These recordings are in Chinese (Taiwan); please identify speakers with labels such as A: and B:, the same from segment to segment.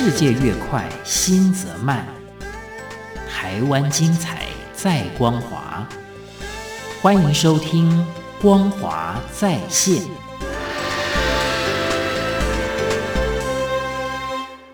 A: 世界越快，心則慢。台灣精彩，在光華。歡迎收聽《光華在線》。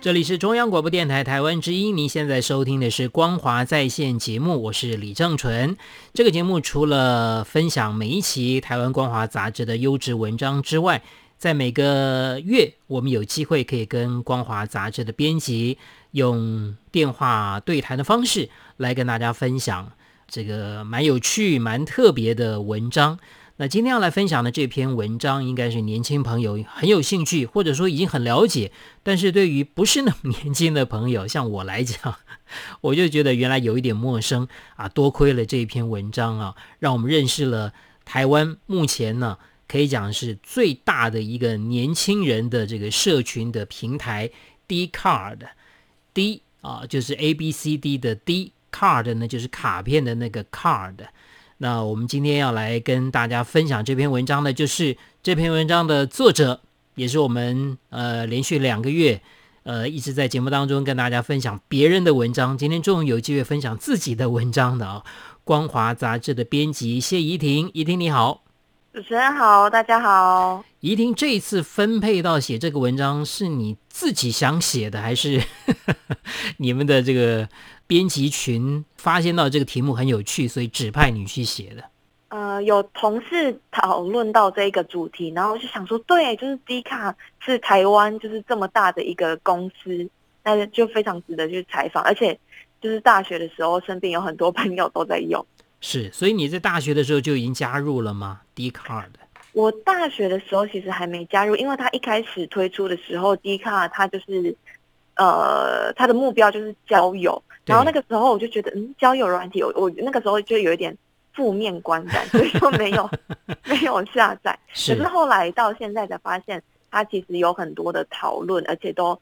A: 這裡是中央廣播電台臺灣之音，您現在收聽的是《光華在線》節目，我是李正淳。這個節目除了分享每一期《台灣光華》雜誌的優質文章之外，在每個月，我們有機會可以跟光華雜誌的編輯用電話對談的方式來跟大家分享這個蠻有趣、蠻特別的文章。那今天要來分享的這篇文章，應該是年輕朋友很有興趣，或者說已經很了解。但是對於不是那麼年輕的朋友，像我來講，我就覺得原來有一點陌生啊。多虧了這一篇文章啊，讓我們認識了台灣目前呢。可以講是最大的一個年輕人的這個社群的平台，D Card，D 啊，就是 A B C D 的 D Card 呢，就是卡片的那個 Card。那我們今天要來跟大家分享這篇文章的就是這篇文章的作者，也是我們呃連續兩個月呃一直在節目當中跟大家分享別人的文章，今天終於有機會分享自己的文章的啊、哦。光華雜誌的編輯謝宜婷，宜婷你好。
B: 主持人好，大家好。
A: 宜婷這次分配到寫這個文章是你自己想寫的，還是呵呵你們的這個編輯群发現到這個題目很有趣，所以指派你去寫的？
B: 呃，有同事討論到這個主題，然後就想說，對，就是 D 卡是台灣就是這麼大的一個公司，那就非常值得去採訪，而且就是大學的時候身邊有很多朋友都在用。
A: 是，所以你在大學的時候就已經加入了嗎？Dcard。
B: 我大學的時候其實還沒加入，因為它一開始推出的時候，Dcard 它就是，呃，它的目標就是交友，然後那個時候我就覺得，嗯，交友軟體，我我那個時候就有一點負面觀感，所以說沒有 沒有下載是。可是後來到現在才發現，它其實有很多的討論，而且都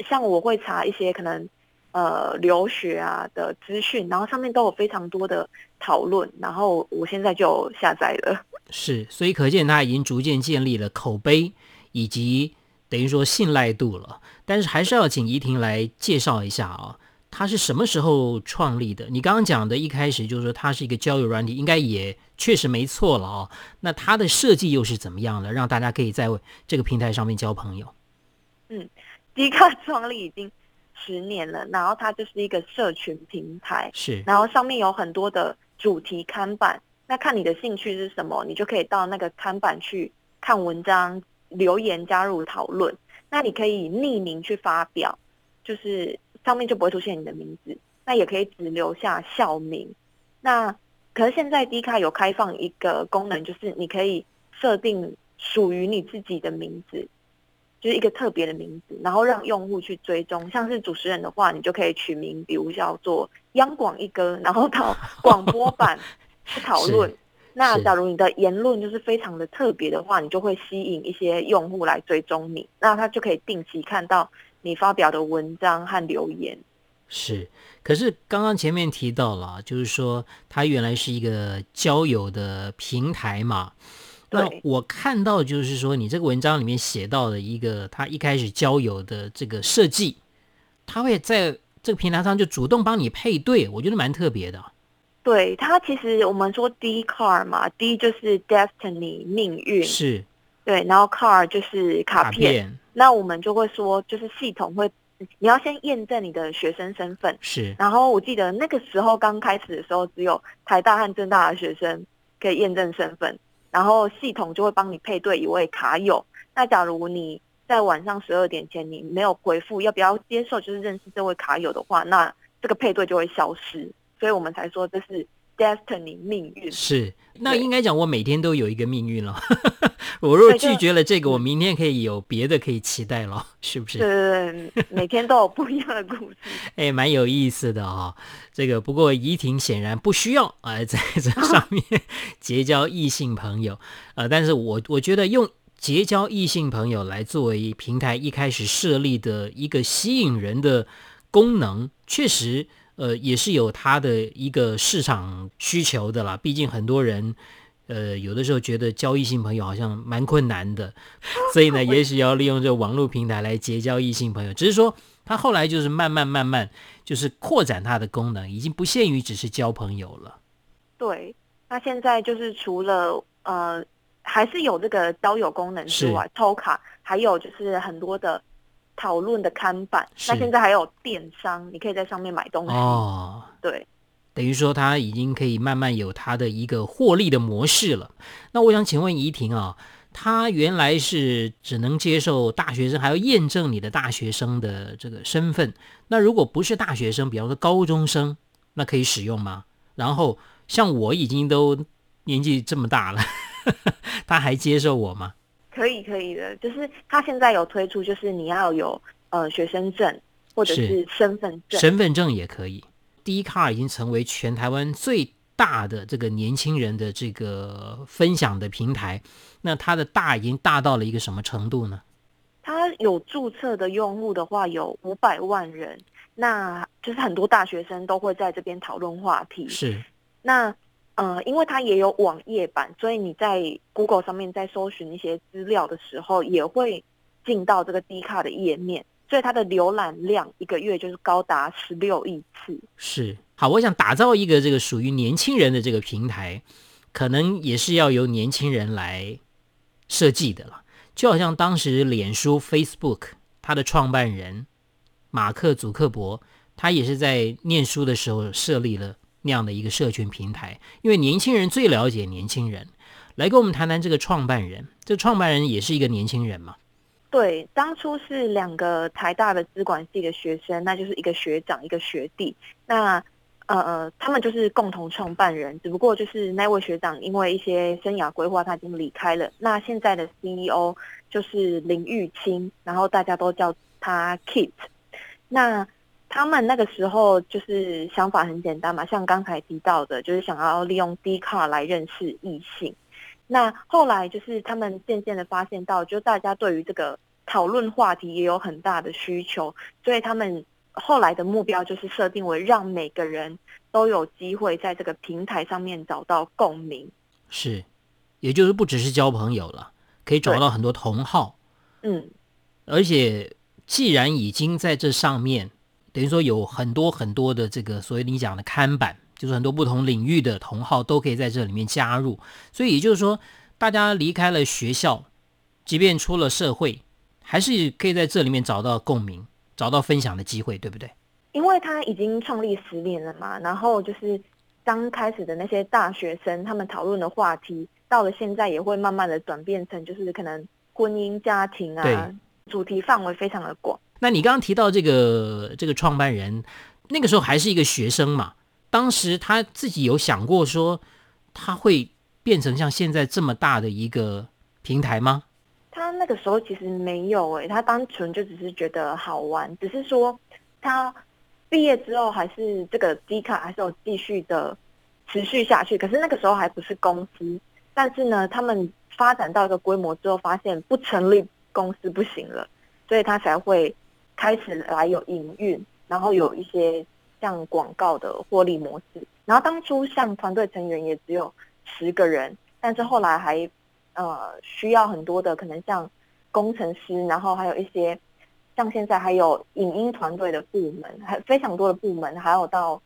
B: 像我會查一些可能。呃，留學啊的資訊，然後上面都有非常多的討論，然後我現在就下載
A: 了。是，所以可見他已經逐漸建立了口碑以及等於說信賴度了。但是還是要請宜婷來介紹一下啊、哦，他是什麼時候創立的？你剛剛講的一開始就是說他是一個交友軟體，應該也確實沒錯了啊、哦。那他的設計又是怎麼樣的，讓大家可以在這個平台上面交朋友？嗯
B: ，Dcard 創立已經。十年了，然後它就是一個社群平台，是，然後上面有很多的主題看板，那看你的興趣是什麼，你就可以到那個看板去看文章、留言、加入討論。那你可以匿名去發表，就是上面就不會出現你的名字，那也可以只留下校名。那可是現在 Dcard 有開放一個功能，就是你可以設定屬於你自己的名字。就是一個特別的名字，然後讓用戶去追蹤。像是主持人的話，你就可以取名，比如叫做“央廣一哥”，然後到廣播版去討論。 那假如你的言論就是非常的特別的話，你就會吸引一些用戶來追蹤你，那他就可以定期看到你發表的文章和留言。
A: 是，可是剛剛前面提到了，就是說他原來是一個交友的平台嘛。那我看到就是說，你這個文章裡面寫到的一個他一開始交友的這個設計，他會在這個平台上就主動幫你配對，我覺得蠻特別的啊。
B: 對，他其實我們說 Dcard 嘛，D 就是 destiny 命運，是。對，然後 card 就是卡片，卡片。那我們就會說，就是系統會，你要先驗證你的學生身份。是，然後我記得那個時候剛開始的時候，只有台大和政大的學生可以驗證身份。然後系統就會幫你配對一位卡友。那假如你在晚上十二點前你沒有回復，要不要接受就是認識這位卡友的話，那這個配對就會消失。所以我們才說這是。Destiny 命運是
A: 那應該講，我每天都有一個命運了。 我若拒絕了這個，我明天可以有別的可以期待了，是不是？是、 哎，
B: 每天都有不一
A: 樣的故事。誒，蠻有意思的啊、哦。這個不過怡婷顯然不需要啊、呃，在這上面結交異性朋友。呃，但是我我覺得用結交異性朋友來作為平台一開始設立的一個吸引人的功能，確實。呃，也是有它的一個市場需求的啦。畢竟很多人，呃，有的時候覺得交異性朋友好像蠻困難的， 所以呢，也許要利用這網絡平台來結交異性朋友。只是說，他後來就是慢慢慢慢，就是擴展它的功能，已經不限於只是交朋友了。
B: 對，那現在就是除了呃，還是有這個交友功能之外，抽卡，還有就是很多的。討論的看板，那現在還有電商，你可以在
A: 上面買東西。哦，對，等於說他已經可以慢慢有他的一個獲利的模式了。那我想請問宜婷啊、哦，他原來是只能接受大學生，還要驗證你的大學生的這個身份。那如果不是大學生，比方說高中生，那可以使用嗎？然後像我已經都年紀這麼大了，呵呵他還接受我嗎？
B: 可以可以的，就是他現在有推出，就是你要有呃學生證或者是身份證，身
A: 份證也可以。Dcard 已經成為全台灣最大的這個年輕人的這個分享的平台。那它的大已經大到了一個什麼程度呢？
B: 它有註冊的用戶的話有五百萬人，那就是很多大學生都會在這邊討論話題。是那。嗯，因為它也有網頁版，所以你在 Google 上面在搜尋一些資料的時候，也會進到這個 Dcard 的頁面，所以它的瀏覽量一個月就是高達十六億次。
A: 是，好，我想打造一個這個屬於年輕人的這個平台，可能也是要由年輕人來設計的啦。就好像當時臉書 Facebook 它的創辦人馬克·祖克伯，他也是在念書的時候設立了。那樣的一個社群平台，因為年輕人最了解年輕人，來跟我們談談這個創辦人。這創辦人也是一個年輕人嘛？
B: 對，當初是兩個台大的資管系的學生，那就是一個學長，一個學弟。那呃，他們就是共同創辦人，只不過就是那位學長因為一些生涯規劃，他已經離開了。那現在的 CEO 就是林裕欽，然後大家都叫他 Kit。那他們那個時候就是想法很簡單嘛，像剛才提到的，就是想要利用 D 卡來認識異性。那後來就是他們漸漸的發現到，就大家對於這個討論話題也有很大的需求，所以他們後來的目標就是設定為讓每個人都有機會在這個平台上面找到共鳴。
A: 是，也就是不只是交朋友了，可以找到很多同好。嗯，而且既然已經在這上面。等於說有很多很多的這個所謂你講的看板，就是很多不同領域的同好都可以在這裡面加入。所以也就是說，大家離開了學校，即便出了社會，還是可以在這裡面找到共鳴，找到分享的機會，對不對？
B: 因為他已經創立十年了嘛，然後就是剛開始的那些大學生，他們討論的話題，到了現在也會慢慢的轉變成，就是可能婚姻、家庭啊，主題範圍非常的廣。
A: 那你剛剛提到這個這個創辦人，那個時候還是一個學生嘛？當時他自己有想過說他會變成像現在這麼大的一個平台嗎？
B: 他那個時候其實沒有誒、欸、他單純就只是覺得好玩，只是說他畢業之後還是這個 D 卡還是有繼續的持續下去。可是那個時候還不是公司，但是呢，他們發展到一個規模之後，發現不成立公司不行了，所以他才會。開始來有營運，然後有一些像廣告的獲利模式。然後當初像團隊成員也只有十個人，但是後來還呃需要很多的可能像工程師，然後還有一些像現在還有影音團隊的部門，還非常多的部門，還有到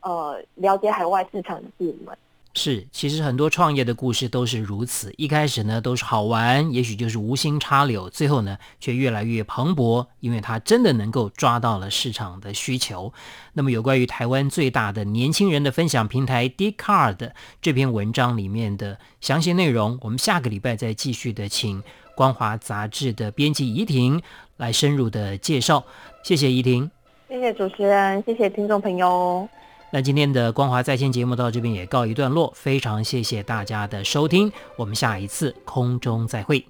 B: 呃了解海外市場的部門。
A: 是，其實很多創業的故事都是如此。一開始呢，都是好玩，也許就是無心插柳，最後呢，卻越來越蓬勃，因為它真的能夠抓到了市場的需求。那麼，有關於台灣最大的年輕人的分享平台 Dcard 這篇文章裡面的詳細內容，我們下個禮拜再繼續的，請光華雜誌的編輯怡婷來深入的介紹。謝謝怡婷，
B: 謝謝主持人，謝謝聽眾朋友。
A: 那今天的光華在線節目到這邊也告一段落，非常謝謝大家的收聽，我們下一次空中再會。